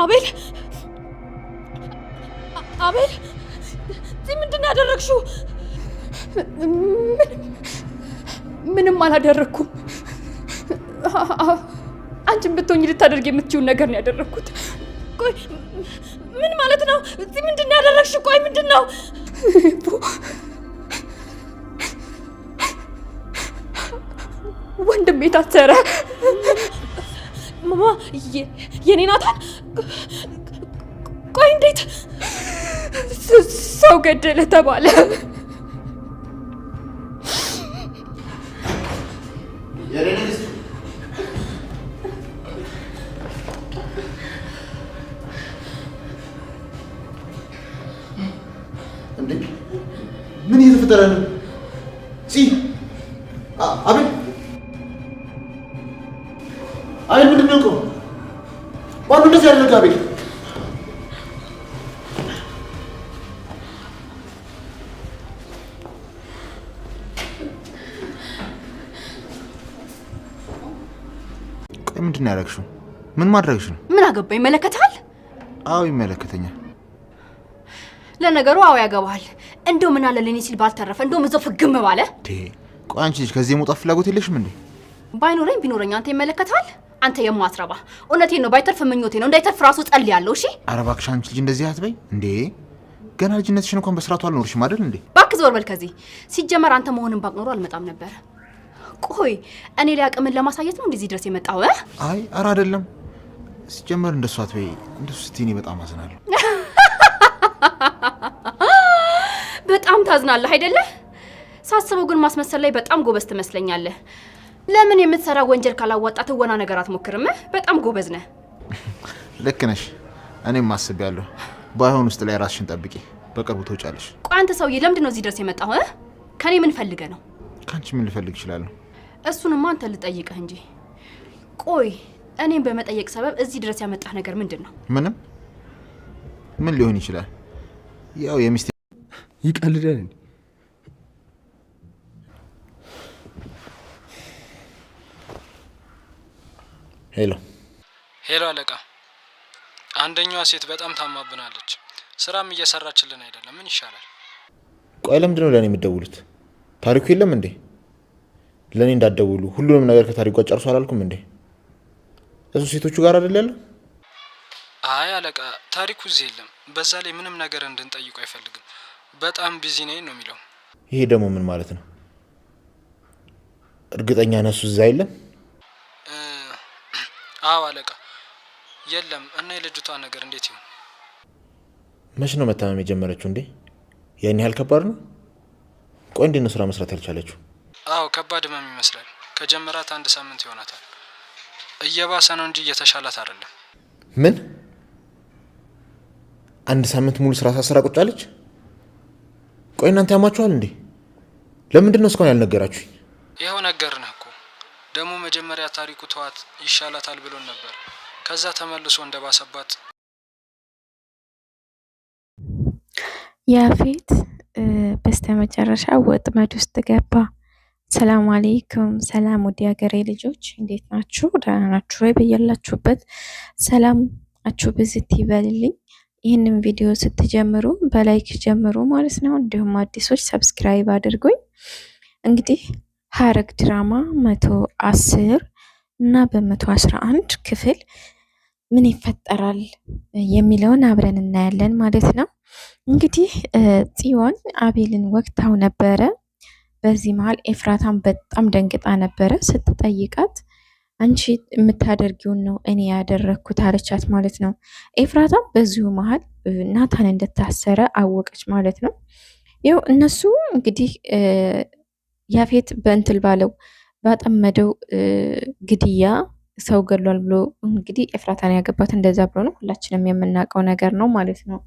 አቤል አቤል፣ እዚህ ምንድን ነው ያደረግሽው? ምንም አላደረግኩም። አንቺን ብትሆኝ ልታደርግ የምትችውን ነገር ነው ያደረግኩት። ቆይ ምን ማለት ነው? እዚህ ምንድን ነው ያደረግሽው? ቆይ ምንድን ነው? ወንድሜ ታሰረ። ማ የኔ ናታን? ቆይ እንዴት ሰው ገደለ ተባለ? ምን እየተፈጠረ ነው? አቤል አይ ምንድን ነው? ማነው እንደዚህ ያደረገ? አቤል ምንድን ነው ያደረግሽው? ምን ማድረግሽ ነው? ምን አገባ? ይመለከታል? አዎ ይመለከተኛል። ለነገሩ አዎ ያገባል። እንደው ምን አለ ለኔ ሲል ባልተረፈ፣ እንደውም እዛው ፍግም ባለ። ቆይ አንቺ ልጅ ከዚህ የመውጣት ፍላጎት የለሽም እንዴ? ባይኖረኝ ቢኖረኝ አንተ ይመለከታል? አንተ የማትረባ እውነቴን ነው። ባይተርፍ ምኞቴ ነው እንዳይተርፍ ራሱ ጸል ያለው እሺ። ኧረ እባክሽ አንቺ ልጅ እንደዚህ አትበይ እንዴ! ገና ልጅነትሽን እንኳን በስርዓቱ አልኖርሽም አይደል እንዴ? እባክህ ዞር በል ከዚህ። ሲጀመር አንተ መሆንን ባቅኖሩ አልመጣም ነበር። ቆይ እኔ ላይ አቅምን ለማሳየት ነው እንደዚህ ድረስ የመጣው? አይ ኧረ አይደለም። ሲጀመር እንደሱ አትበይ። እንደሱ ስትይ እኔ በጣም አዝናለሁ። በጣም ታዝናለህ አይደለ? ሳስበው ግን ማስመሰል ላይ በጣም ጎበዝ ትመስለኛለህ። ለምን የምትሰራ ወንጀል ካላዋጣ ትወና ነገር አትሞክርም? በጣም ጎበዝ ነህ። ልክ ነሽ። እኔም አስቤያለሁ። ባይሆን ውስጥ ላይ ራስሽን ጠብቂ፣ በቅርቡ ትውጫለሽ። ቆይ አንተ ሰውዬ ለምንድን ነው እዚህ ድረስ የመጣሁ? ከኔ ምን ፈልገ ነው? ከአንቺ ምን ልፈልግ ይችላለሁ? እሱንማ አንተ ልጠይቅህ እንጂ። ቆይ እኔም በመጠየቅ ሰበብ እዚህ ድረስ ያመጣህ ነገር ምንድን ነው? ምንም። ምን ሊሆን ይችላል? ያው የሚስቴ ይቀልዳል ሄሎ ሄሎ፣ አለቃ አንደኛዋ ሴት በጣም ታማብናለች። ስራም እየሰራችልን አይደለም። ምን ይሻላል? ቆይ ለምንድን ነው ለእኔ የምደውሉት? ታሪኩ የለም እንዴ? ለእኔ እንዳትደውሉ ሁሉንም ነገር ከታሪኩ ጋር ጨርሶ አላልኩም እንዴ? እሱ ሴቶቹ ጋር አይደል ያለው? አይ አለቃ፣ ታሪኩ እዚህ የለም። በዛ ላይ ምንም ነገር እንድንጠይቁ አይፈልግም። በጣም ቢዚ ነኝ ነው የሚለው። ይሄ ደግሞ ምን ማለት ነው? እርግጠኛ ነሱ እዛ የለም አዎ አለቃ። የለም እና የልጅቷ ነገር እንዴት ይሁን? መች ነው መታመም የጀመረችው እንዴ? ያን ያህል ከባድ ነው? ቆይ እንዴት ነው ስራ መስራት ያልቻለችው? አዎ ከባድ ህመም ይመስላል። ከጀመራት አንድ ሳምንት ይሆናታል። እየባሰ ነው እንጂ እየተሻላት አይደለም። ምን አንድ ሳምንት ሙሉ ስራ ሳስራ ቁጫለች? አለች? ቆይ እናንተ ያማችኋል እንዴ? ለምንድን ነው እስካሁን ያልነገራችሁኝ? ይኸው ነገር ነው ደግሞ መጀመሪያ ታሪኩ ተዋት ይሻላታል ብሎን ነበር። ከዛ ተመልሶ እንደባሰባት ያፌት በስተመጨረሻ ወጥመድ ውስጥ ገባ። ሰላም አሌይኩም። ሰላም ወዲ ሀገሬ ልጆች እንዴት ናችሁ? ደህና ናችሁ ወይ? በያላችሁበት ሰላም አችሁ ብዝት ይበልልኝ። ይህንን ቪዲዮ ስትጀምሩ በላይክ ጀምሩ ማለት ነው። እንዲሁም አዲሶች ሰብስክራይብ አድርጉኝ። እንግዲህ ሐረግ ድራማ መቶ አስር እና በመቶ አስራ አንድ ክፍል ምን ይፈጠራል የሚለውን አብረን እናያለን ማለት ነው። እንግዲህ ጽዮን አቤልን ወግታው ነበረ። በዚህ መሀል ኤፍራታን በጣም ደንግጣ ነበረ። ስትጠይቃት አንቺ የምታደርጊውን ነው እኔ ያደረግኩት አለቻት ማለት ነው። ኤፍራታም በዚሁ መሀል ናታን እንደታሰረ አወቀች ማለት ነው። ይው እነሱ እንግዲህ ያፌት በእንትል ባለው ባጠመደው ግድያ ሰው ገድሏል ብሎ እንግዲህ ኤፍራታን ያገባት እንደዛ ብሎ ነው ሁላችንም የምናውቀው ነገር ነው ማለት ነው።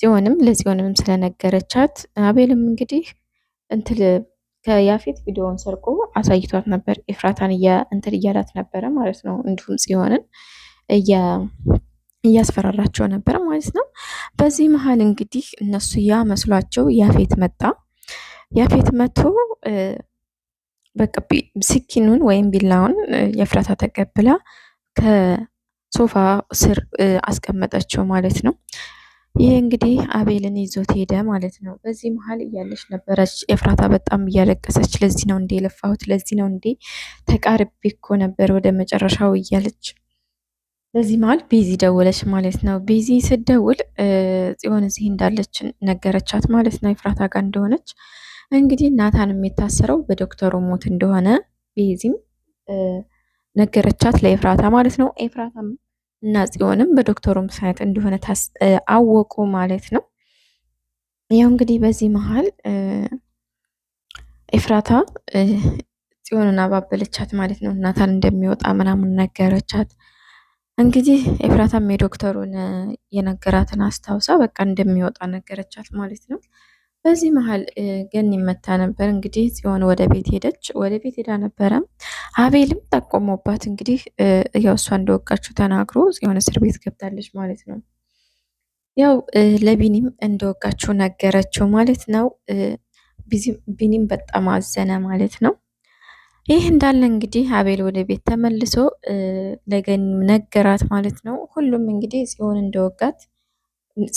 ጽዮንም ለጽዮንም ስለነገረቻት አቤልም እንግዲህ እንትል ከያፌት ቪዲዮውን ሰርቆ አሳይቷት ነበር። ኤፍራታን እንትል እያላት ነበረ ማለት ነው። እንዲሁም ጽዮንን እያስፈራራቸው ነበረ ማለት ነው። በዚህ መሀል እንግዲህ እነሱ ያ መስሏቸው ያፌት መጣ። ያፌት መቶ በቃ ስኪኑን ወይም ቢላውን የፍራታ ተቀብላ ከሶፋ ስር አስቀመጠችው ማለት ነው። ይህ እንግዲህ አቤልን ይዞት ሄደ ማለት ነው። በዚህ መሀል እያለች ነበረች የፍራታ በጣም እያለቀሰች፣ ለዚህ ነው እንዴ የለፋሁት፣ ለዚህ ነው እንዴ ተቃርቤ እኮ ነበር ወደ መጨረሻው እያለች በዚህ መሀል ቤዚ ደወለች ማለት ነው። ቤዚ ስደውል ጽዮን እዚህ እንዳለች ነገረቻት ማለት ነው፣ የፍራታ ጋር እንደሆነች እንግዲህ ናታን የሚታሰረው በዶክተሩ ሞት እንደሆነ ቤዚም ነገረቻት ለኤፍራታ ማለት ነው። ኤፍራታም እና ጽዮንም በዶክተሩ ምክንያት እንደሆነ አወቁ ማለት ነው። ያው እንግዲህ በዚህ መሀል ኤፍራታ ጽዮንን አባበለቻት ማለት ነው። ናታን እንደሚወጣ ምናምን ነገረቻት። እንግዲህ ኤፍራታም የዶክተሩን የነገራትን አስታውሳ በቃ እንደሚወጣ ነገረቻት ማለት ነው። በዚህ መሀል ገኒ ይመታ ነበር። እንግዲህ ጽዮን ወደ ቤት ሄደች። ወደ ቤት ሄዳ ነበረ። አቤልም ጠቆሞባት፣ እንግዲህ ያው እሷ እንደወቃችው ተናግሮ ጽዮን እስር ቤት ገብታለች ማለት ነው። ያው ለቢኒም እንደወቃችው ነገረችው ማለት ነው። ቢኒም በጣም አዘነ ማለት ነው። ይህ እንዳለ እንግዲህ አቤል ወደ ቤት ተመልሶ ለገኒም ነገራት ማለት ነው። ሁሉም እንግዲህ ጽዮን እንደወጋት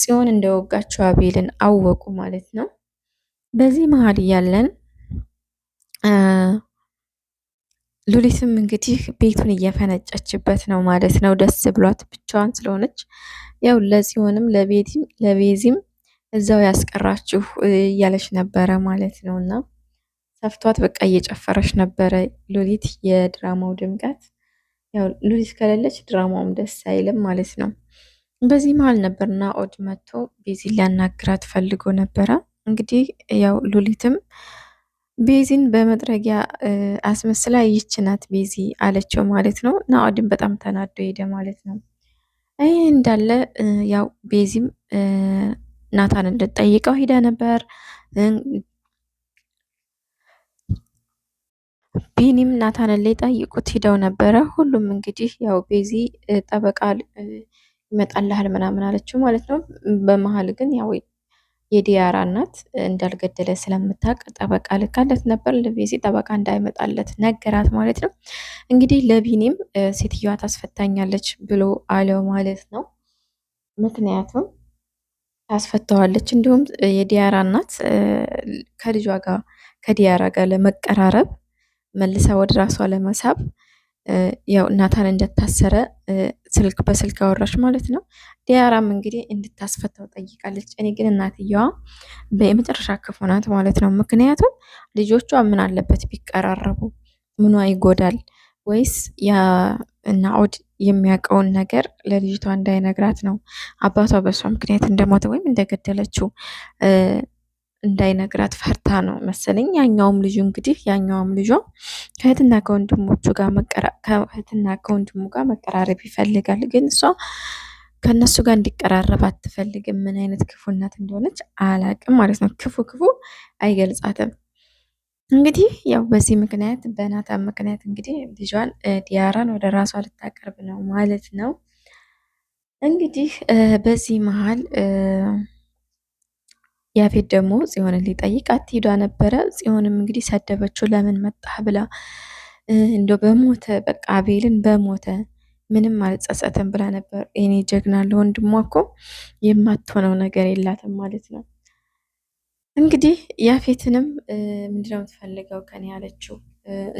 ጽዮን እንደወጋቸው አቤልን አወቁ ማለት ነው። በዚህ መሀል እያለን ሉሊትም እንግዲህ ቤቱን እየፈነጨችበት ነው ማለት ነው። ደስ ብሏት ብቻዋን ስለሆነች ያው ለጽዮንም ለቤቲም ለቤዚም እዛው ያስቀራችሁ እያለች ነበረ ማለት ነው። እና ሰፍቷት በቃ እየጨፈረች ነበረ ሉሊት። የድራማው ድምቀት ያው ሉሊት ከሌለች ድራማውም ደስ አይልም ማለት ነው። በዚህ መሀል ነበርና ኦድ መጥቶ ቤዚን ሊያናግራት ፈልጎ ነበረ እንግዲህ ያው ሉሊትም ቤዚን በመጥረጊያ አስመስላ ይች ናት ቤዚ አለችው ማለት ነው። ናኦድን በጣም ተናዶ ሄደ ማለት ነው። ይህ እንዳለ ያው ቤዚም ናታን እንድትጠይቀው ሂደ ነበር። ቢኒም ናታንን ሊጠይቁት ሂደው ነበረ። ሁሉም እንግዲህ ያው ቤዚ ጠበቃ ይመጣልሃል ምናምን አለችው ማለት ነው። በመሀል ግን ያው የዲያራ እናት እንዳልገደለ ስለምታቅ ጠበቃ ልካለት ነበር። ለቤዚ ጠበቃ እንዳይመጣለት ነገራት ማለት ነው። እንግዲህ ለቢኒም ሴትዮዋ ታስፈታኛለች ብሎ አለው ማለት ነው። ምክንያቱም ታስፈተዋለች። እንዲሁም የዲያራ እናት ከልጇ ጋር ከዲያራ ጋር ለመቀራረብ መልሳ ወደ ራሷ ለመሳብ ያው እናታን እንደታሰረ ስልክ በስልክ አወራች ማለት ነው። ዲያራም እንግዲህ እንድታስፈታው ጠይቃለች። እኔ ግን እናትየዋ በመጨረሻ ክፉ ናት ማለት ነው። ምክንያቱም ልጆቿ ምን አለበት ቢቀራረቡ ምኗ ይጎዳል? ወይስ ናኦድ የሚያውቀውን ነገር ለልጅቷ እንዳይነግራት ነው አባቷ በሷ ምክንያት እንደሞተ ወይም እንደገደለችው እንዳይነግራት ፈርታ ነው መሰለኝ። ያኛውም ልጁ እንግዲህ ያኛውም ልጇ ከእህትና ከወንድሞቹ ጋር ከእህትና ከወንድሙ ጋር መቀራረብ ይፈልጋል። ግን እሷ ከእነሱ ጋር እንዲቀራረብ አትፈልግም። ምን አይነት ክፉናት እንደሆነች አላቅም ማለት ነው። ክፉ ክፉ አይገልጻትም። እንግዲህ ያው በዚህ ምክንያት በእናታ ምክንያት እንግዲህ ልጇን ዲያራን ወደ ራሷ ልታቀርብ ነው ማለት ነው። እንግዲህ በዚህ መሀል ያፌት ደግሞ ጽዮንን ሊጠይቅ ሄዷ ነበረ። ጽዮንም እንግዲህ ሰደበችው ለምን መጣህ ብላ እንደ በሞተ በቃ አቤልን በሞተ ምንም አልጸጸተም ብላ ነበር። እኔ ጀግና ለወንድሟ እኮ የማትሆነው ነገር የላትም ማለት ነው። እንግዲህ ያፌትንም ምንድነው የምትፈልገው ከኔ ያለችው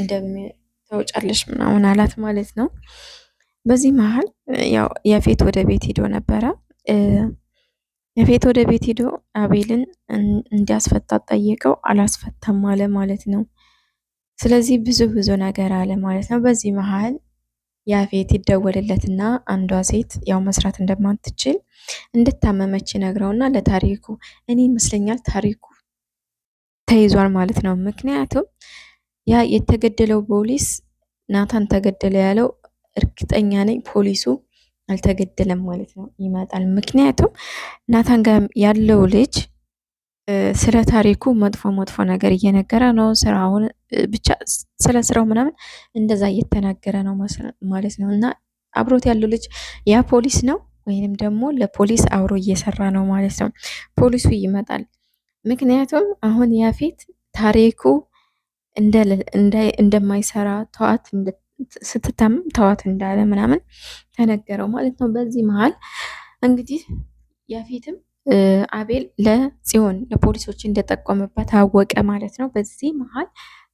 እንደምታውጫለሽ ምናምን አላት ማለት ነው። በዚህ መሀል ያው ያፌት ወደ ቤት ሄዶ ነበረ። እቤት ወደ ቤት ሄዶ አቤልን እንዲያስፈታ ጠየቀው። አላስፈታም አለ ማለት ነው። ስለዚህ ብዙ ብዙ ነገር አለ ማለት ነው። በዚህ መሀል ያፌት ይደወልለትና አንዷ ሴት ያው መስራት እንደማትችል እንድታመመች ይነግረውና ለታሪኩ እኔ ይመስለኛል ታሪኩ ተይዟል ማለት ነው። ምክንያቱም ያ የተገደለው ፖሊስ ናታን ተገደለ ያለው እርግጠኛ ነኝ ፖሊሱ አልተገደለም ማለት ነው ይመጣል። ምክንያቱም ናታን ጋር ያለው ልጅ ስለ ታሪኩ መጥፎ መጥፎ ነገር እየነገረ ነው። ስራውን ብቻ ስለ ስራው ምናምን እንደዛ እየተናገረ ነው ማለት ነው። እና አብሮት ያለው ልጅ ያ ፖሊስ ነው ወይንም ደግሞ ለፖሊስ አብሮ እየሰራ ነው ማለት ነው። ፖሊሱ ይመጣል። ምክንያቱም አሁን ያፌት ታሪኩ እንደማይሰራ ተዋት ስትታመም ተዋት እንዳለ ምናምን ተነገረው ማለት ነው። በዚህ መሀል እንግዲህ ያፌትም አቤል ለጽዮን ለፖሊሶች እንደጠቆመበት አወቀ ማለት ነው። በዚህ መሀል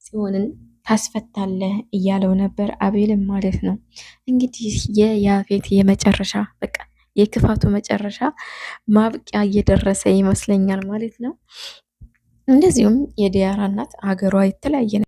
ጽዮንን ታስፈታለህ እያለው ነበር አቤልም ማለት ነው። እንግዲህ የያፌት የመጨረሻ በቃ የክፋቱ መጨረሻ ማብቂያ እየደረሰ ይመስለኛል ማለት ነው። እንደዚሁም የዲያራ እናት አገሯ የተለያየ